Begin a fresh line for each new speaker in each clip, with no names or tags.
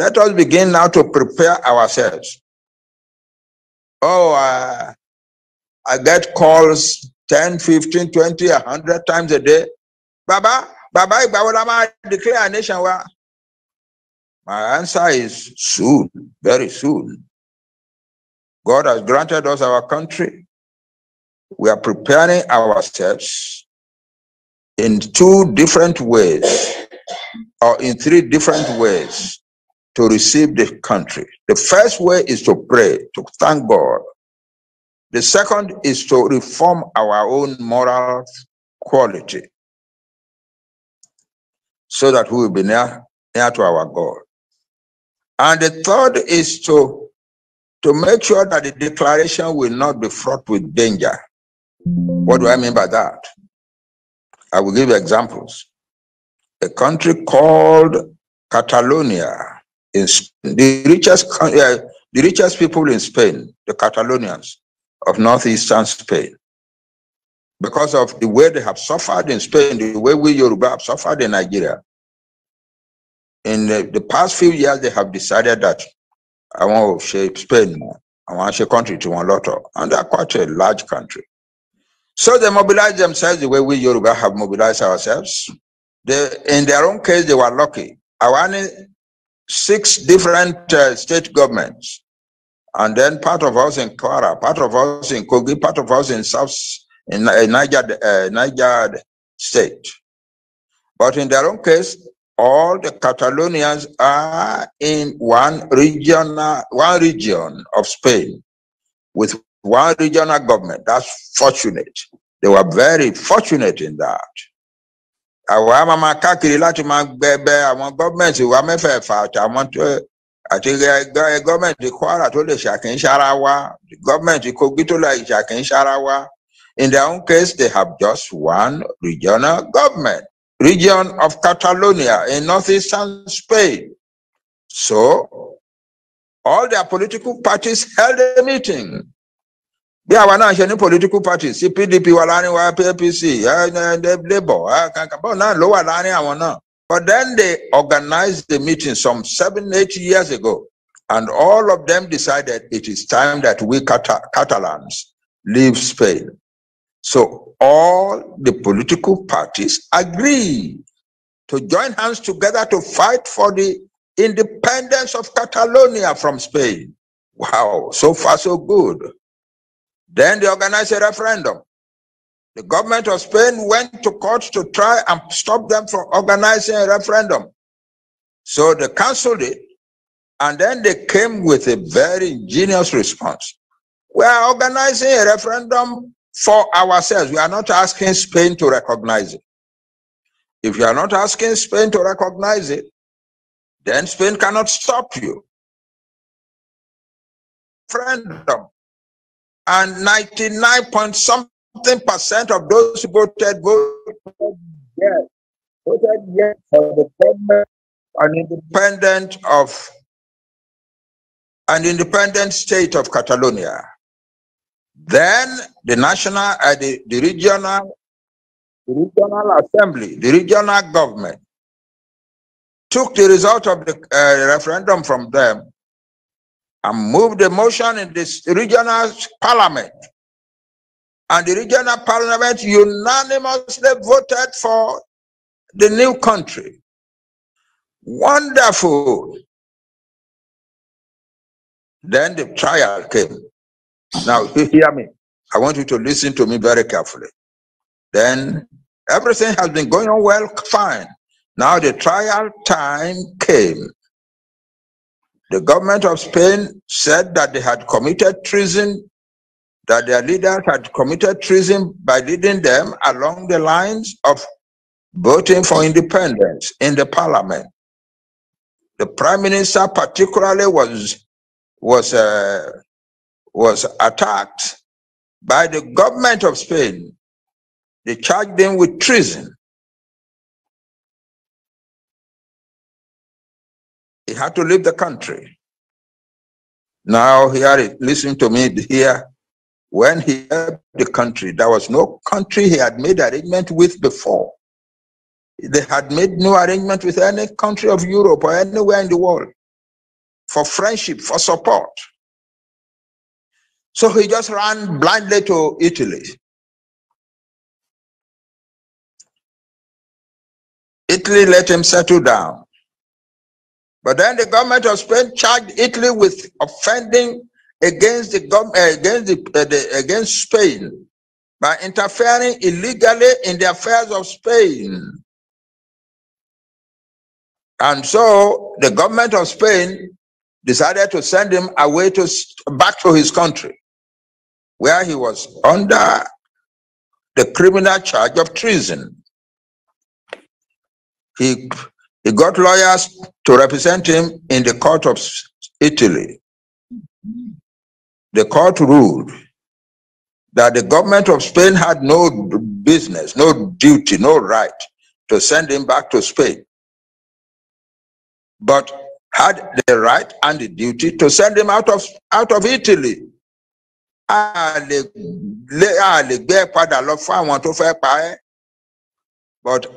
Let us begin now to prepare ourselves. Oh, uh, I get calls 10, 15, 20, 100 times a day. Baba, Baba, Baba, declare a nation. My answer is soon, very soon. God has granted us our country. We are preparing ourselves in two different ways or in three different ways to receive the country. The first way is to pray, to thank God. The second is to reform our own moral quality so that we will be near, near to our God. And the third is to, to make sure that the declaration will not be fraught with danger. What do I mean by that? I will give examples. A country called Catalonia in the richest uh, the richest people in Spain, the Catalonians of northeastern Spain, because of the way they have suffered in Spain, the way we Yoruba have suffered in Nigeria. In the, the past few years, they have decided that I want to shape Spain more. I want to shape country to one of, and they're quite a large country. So they mobilized themselves the way we Yoruba have mobilized ourselves. They, in their own case, they were lucky. Awani six different uh, state governments, and then part of us in Kwara, part of us in Kogi, part of us in South in, in uh, Niger, uh, Niger state. But in their own case, all the Catalonians are in one region, one region of Spain, with one regional government. That's fortunate. They were very fortunate in that. àwa máa máa káàkiri láti máa gbẹbẹ àwọn gọ́ọ̀mẹ̀ntì wa mẹ́fẹ̀ẹ̀fà àtàwọn tó àti gọ́ọ̀mẹ̀ntì Kwara tó lè ṣàkínṣára wa gọ́ọ̀mẹ̀ntì Kogi tó lè ṣàkínṣára wa in their own case they have just one regional government region of Catalonia in northeastern Spain so all their political parties held a meeting bí àwa náà political parties sí PDP wà láàrin wa APC Labour kankanbọ náà ló wà láàrin àwọn náà but then they organized the meeting some seven eight years ago and all of them decided it is time that we Catalans leave Spain so all the political parties agreed to join hands together to fight for the independence of Catalonia from Spain wow so far so good. Then they organized a referendum. The government of Spain went to court to try and stop them from organizing a referendum. So they canceled it. And then they came with a very ingenious response. We are organizing a referendum for ourselves. We are not asking Spain to recognize it.
If you are not asking Spain to recognize it, then Spain cannot stop you. Referendum and 99 point something percent of those who voted voted yes, voted yes for the government an independent of an independent state of Catalonia.
Then the national, uh, the, the regional, the regional assembly, the regional government took the result of the uh, referendum from them and move the motion in this regional parliament. And the regional parliament unanimously voted
for the new country. Wonderful. Then the trial came. Now, you hear me. I want you to listen to me very carefully. Then everything has
been going on well, fine. Now the trial time came. The government of Spain said that they had committed treason, that their leaders had committed treason by leading them along the lines of voting for independence in the parliament. The prime minister particularly was was uh, was attacked
by the government of Spain. They charged him with treason. He had to leave the country. Now, it. listen to me here.
When he left the country, there was no country he had made arrangement with before. They had made no arrangement with any country of Europe or anywhere in the world
for friendship, for support. So he just ran blindly to Italy. Italy let him settle down. But then the
government of Spain charged Italy with offending against the government uh, against the, uh, the, against Spain by interfering illegally in the affairs of
Spain. And so the government of Spain decided to send him away to back to his country,
where he was under the criminal charge of treason. He he got lawyers to represent him in the court of Italy. The court ruled that the government of Spain had no business, no duty, no right to send him back to Spain, but had the right and the duty to send him out of, out of Italy. but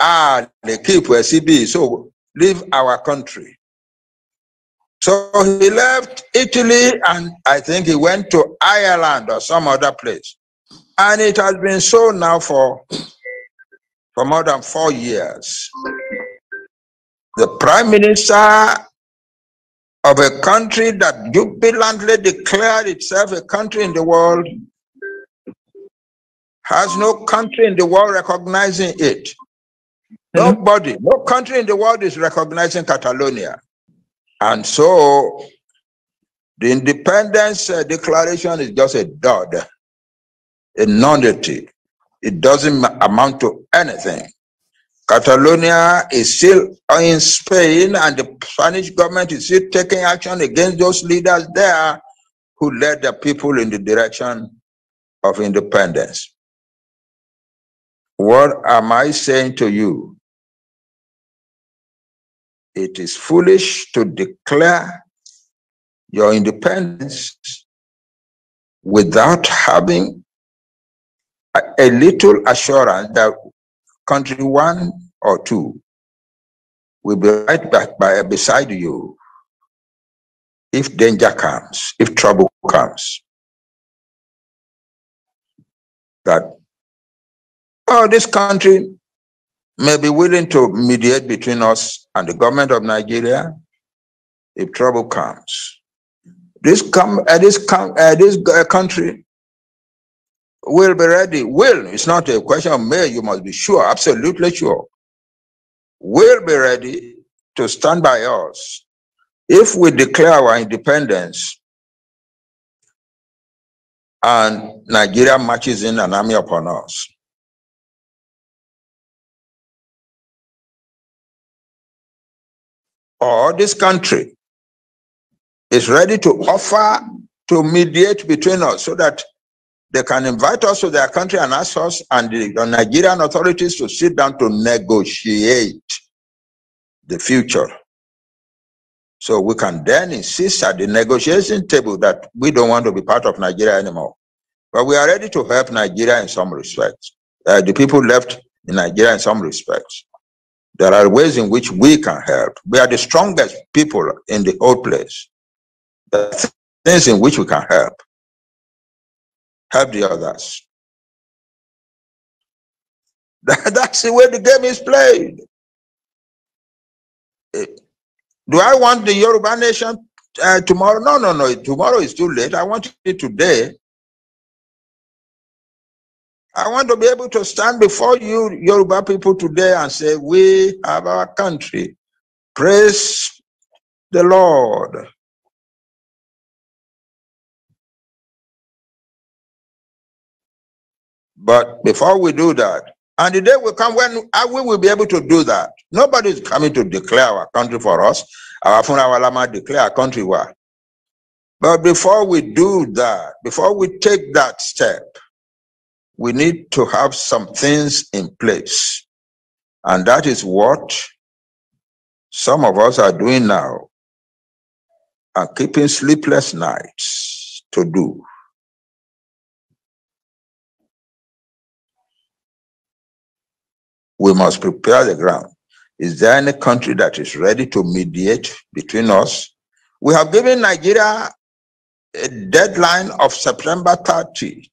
ah, the keep ẹ so leave our country. So he left Italy and I think he went to Ireland or some other place. And it has been so now for, for more than four years. The prime minister of a country that jubilantly declared itself a country in the world has no country in the world recognizing it. Mm-hmm. Nobody, no country in the world is recognizing Catalonia. And so the independence uh, declaration is just a dud, a nonentity. It doesn't amount to anything. Catalonia is still in Spain, and the Spanish government is still taking action against those leaders there who led the people in the direction
of independence. What am I saying to you? It is foolish to declare your independence without
having a, a little assurance that country one
or two will be right back by, beside you if danger comes, if trouble comes. That, oh, this country
may be willing to mediate between us and the government of Nigeria if trouble comes. This, com uh, this, com uh, this uh, country will be ready. Will, it's not a question of may, you must be sure, absolutely sure.
Will be ready to stand by us if we declare our independence and Nigeria marches in an army upon us. or this country is ready to offer to mediate between us so that
they can invite us to their country and ask us and the Nigerian authorities to sit down to negotiate the future. So we can then insist at the negotiation table that we don't want to be part of Nigeria anymore. But we are ready to help Nigeria in some respects, uh, the people left in Nigeria in some respects. There are ways in which we can help. We are the strongest people in the
old place. There are things in which we can help. Help the others. That's the way the game is played. Eh, do I want the Yoruba
nation uh, tomorrow? No, no, no. Tomorrow is too late. I want it today I want to be able to stand before you, Yoruba people, today
and say, We have our country. Praise the Lord. But before we do that, and the day will come when we
will be able to do that. Nobody is coming to declare our country for us. Our lama declare our country But before we do that, before we take that step, we need to have some things in place. And that is what some of us are doing now
and keeping sleepless nights to do. We must
prepare the ground. Is there any country that is ready to mediate between us? We have given Nigeria a deadline of September 30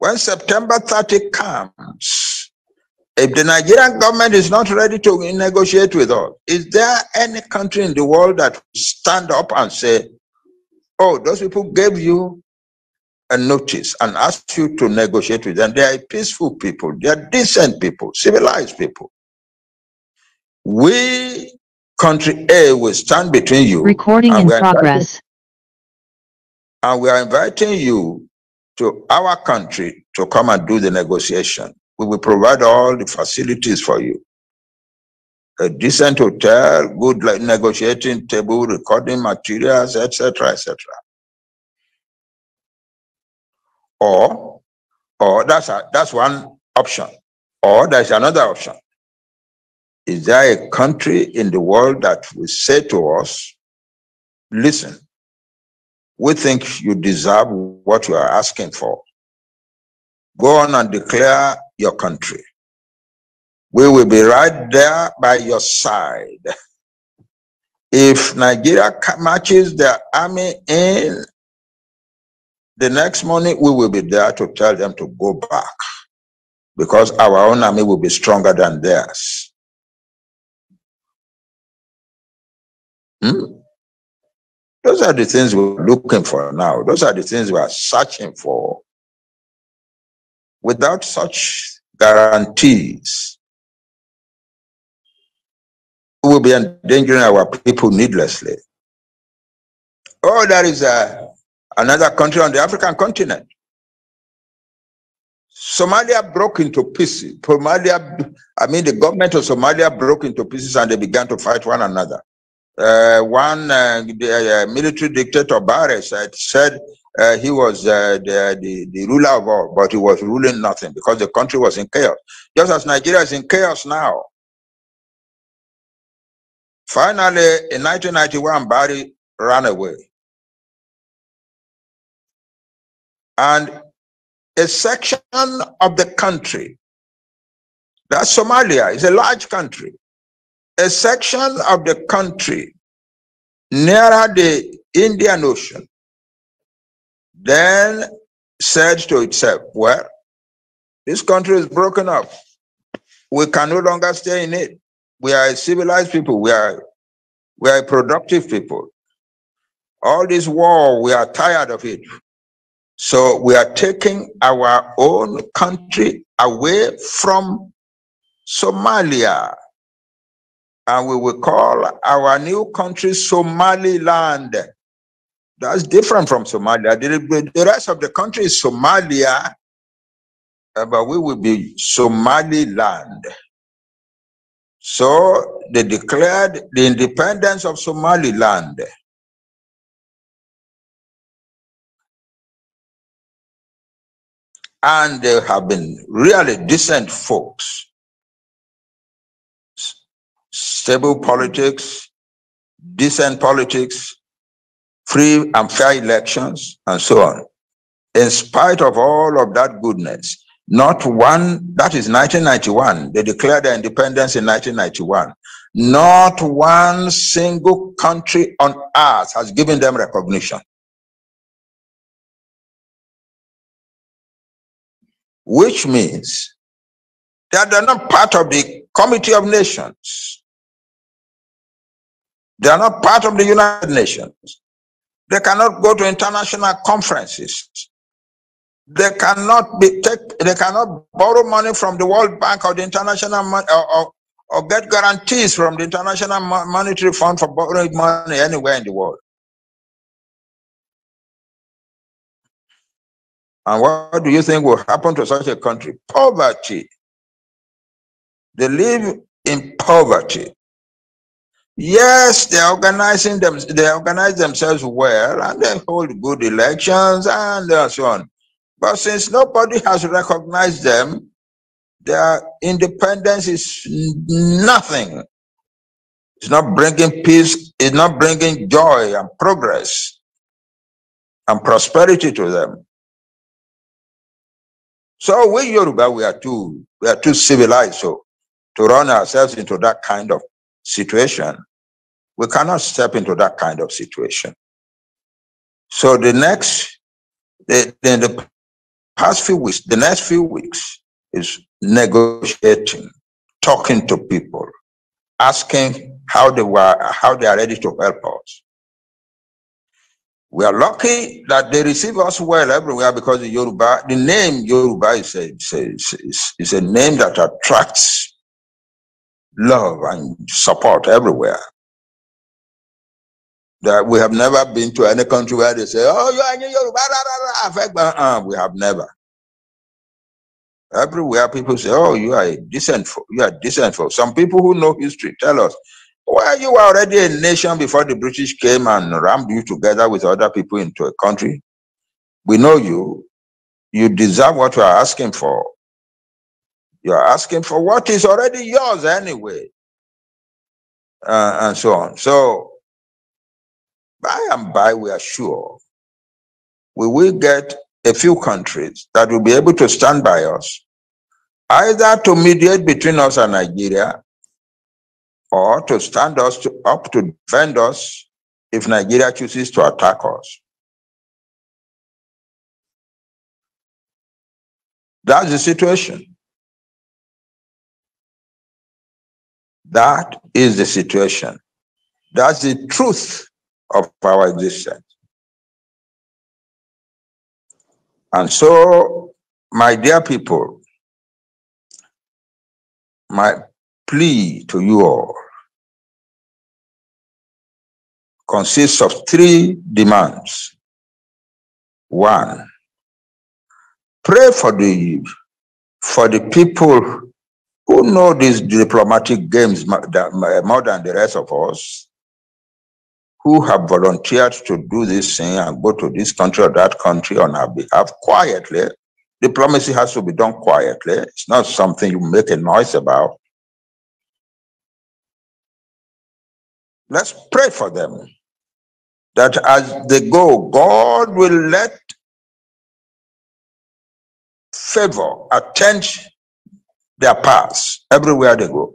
when September 30 comes, if the Nigerian government is not ready to negotiate with us, is there any country in the world that stand up and say, oh, those people gave you a notice and asked you to negotiate with them. They are peaceful people. They are decent people, civilized people. We, country A, will stand between you. Recording in progress. And we are inviting you to our country to come and do the negotiation. We will provide all the facilities for you. A decent hotel, good like negotiating table, recording materials, etc., etc. Or, or that's a, that's one option. Or there's another option. Is there a country in the world that will say to us, listen, we think you deserve what you are asking for. Go on and declare your country. We will be right there by your side. If Nigeria matches their army in, the next morning we will be there to tell them to go back because our own army
will be stronger than theirs. Hmm? Those are the things we're looking for now. Those are the things we are searching for. Without such guarantees, we will be endangering our people needlessly. Oh, there is a, uh, another country on the
African continent. Somalia broke into pieces. Somalia, I mean, the government of Somalia broke into pieces and they began to fight one another. Uh, one uh, uh, military dictator, Barre, said he was the, the, the ruler of all, but he was ruling nothing because the country was in chaos. Just
as Nigeria is in chaos now. Finally, in 1991, Barry ran away. And a section of the country,
that Somalia is a large country, a section of the country nearer the Indian Ocean, then said to itself, Well, this country is broken up. We can no longer stay in it. We are civilized people. We are, we are productive people. All this war, we are tired of it. So we are taking our own country away from Somalia, and we will call our new country Somaliland. That's different from Somalia. The, the rest of the country is Somalia, uh, but we will be Somaliland.
So they declared the independence of Somaliland. And they have been really decent folks stable politics,
decent politics, free and fair elections, and so on. In spite of all of that goodness, not one, that is 1991, they declared their independence in 1991. Not one single
country on earth has given them recognition. Which means that they're not part of the Committee of Nations. They
are not part of the United Nations. They cannot go to international conferences. They cannot be take, they cannot borrow money from the World Bank or the International or, or, or get guarantees from the International Monetary Fund for borrowing
money anywhere in the world. And what do you think will happen to such a country? Poverty.
They live in poverty. Yes, they're organizing them. They organize themselves well, and they hold good elections, and so on. But since nobody has recognized them, their independence is nothing. It's not bringing peace.
It's not bringing joy and progress and prosperity to them. So we Yoruba, we are too, we are too civilized
so, to run ourselves into that kind of situation. We cannot step into that kind of situation. So the next, the, the, past few weeks, the next few weeks is negotiating, talking to people, asking how they were, how they are ready to help us. We are lucky that they receive us well everywhere because the Yoruba, the name Yoruba is a, is a, is a name that attracts love and support everywhere. That we have never been to any country where they say, oh, you are in Yoruba, rah, rah, rah. we have never. Everywhere people say, oh, you are decent for, you are decent for. Some people who know history tell us, well, you were already a nation before the British came and rammed you together with other people into a country. We know you. You deserve what you are asking for. You are asking for
what is already yours anyway. Uh, and so on. So by and by, we are sure we will get
a few countries that will be able to stand by us, either to mediate between us and Nigeria, or to stand us to, up to defend
us if Nigeria chooses to attack us. That's the situation. That is the situation. That's the truth of our existence. And so, my dear people, my plea to you all consists of three demands. One, pray for the for the people
who know these diplomatic games more than the rest of us who have volunteered to do this thing and go to this country or that country on our behalf quietly. diplomacy has to be done quietly. It's not something you make a
noise about. Let's pray for them that as they go, God will let favor attend their paths everywhere they go.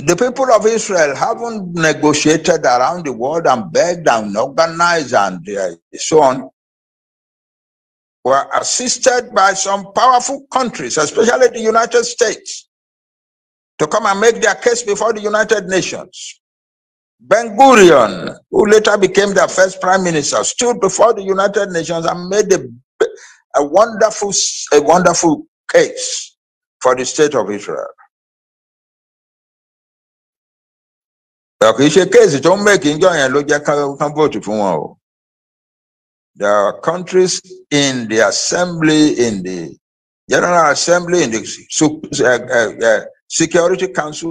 The people of Israel haven't negotiated around the world and begged and organized and uh, so on. Were assisted by some powerful countries, especially the United States, to come and make their case before the United Nations. Ben Gurion, who later became their first prime minister, stood before the United Nations and made a, a wonderful,
a wonderful case for the state of Israel. kì í ṣe kéèsì tó ń mẹ́kì ń jọ yẹn ló jẹ́ kán vóòtù fún wọn o there are countries in the assembly
in the general assembly in the uh, uh, security council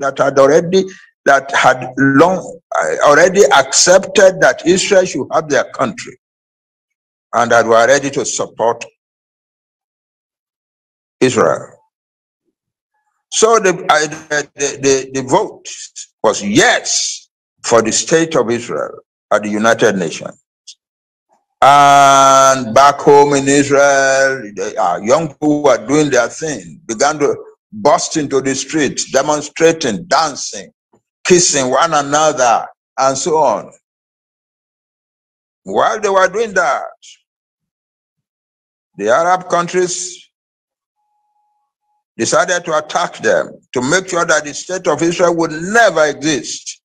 that had already that had long uh, already accepted that Israel should have their country and that were ready to support Israel. So the, uh, the, the, the vote was yes for the state of Israel at the United Nations. And back home in Israel, the, uh, young people were doing their thing, began to bust into the streets,
demonstrating, dancing, kissing one another, and so on. While they were doing that, the Arab countries decided to attack them to make sure
that the state of Israel would never exist.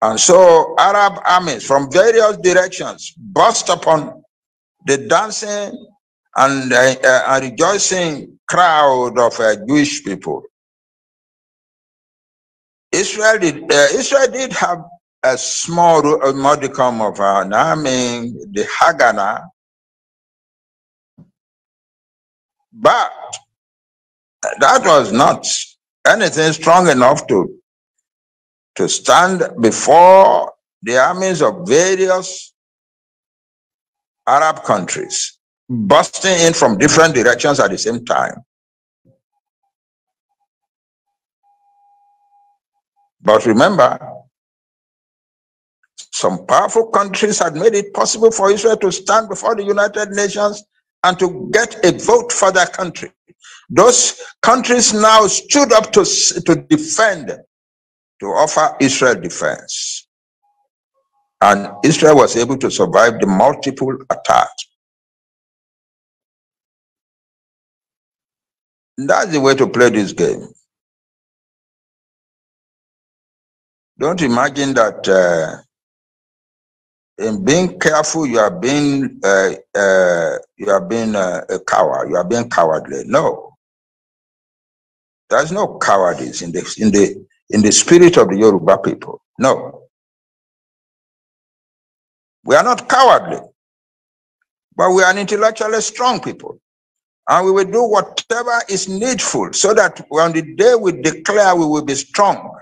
And so Arab armies from various directions burst upon the dancing and, uh, uh, rejoicing crowd of uh, Jewish people. Israel did, uh, Israel did have a small
a modicum of an army, the Haganah, but that was not anything strong enough to, to stand before
the armies of various Arab countries,
busting in from different directions at the same time. But remember,
some powerful countries had made it possible for Israel to stand before the United Nations and to get a vote for their country. Those countries now stood up to, to defend, to offer Israel defense.
And Israel was able to survive the multiple attacks. that's the way to play this game. Don't imagine that uh, in being careful, you are being uh, uh, you are
being uh, a coward. You are being cowardly. No, there's no
cowardice in the in the in the spirit of the Yoruba people.
No, we are not cowardly, but we are an intellectually strong people, and we will do whatever is needful so that on the day we declare, we will be strong.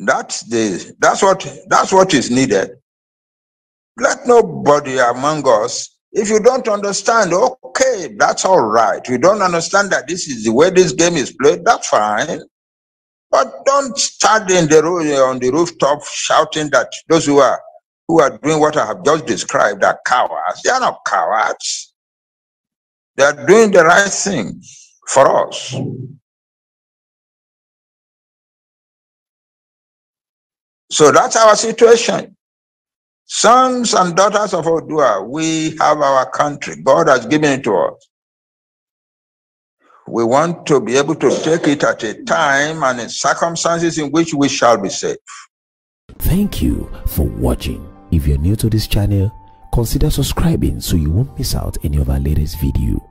That's the that's what that's what is needed. Let nobody among us, if you don't understand, okay, that's all right. We don't understand that this is the way this game is played, that's fine. But don't stand in the on the rooftop shouting that those who are who are doing what I have just described are cowards. They
are not cowards. They are doing the right thing for us. So that's our situation. Sons and daughters of Odua, we
have our country. God has given it to us. We want to be able to take it at a time and in circumstances in which we shall be safe. Thank you for watching. If you're new to this channel, consider subscribing so you won't miss out any of our latest video.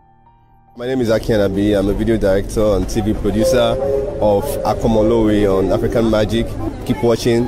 My name is Aki Abi. I'm a video director and TV producer of Akomolowe on African Magic. Keep watching.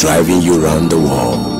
driving you around the world.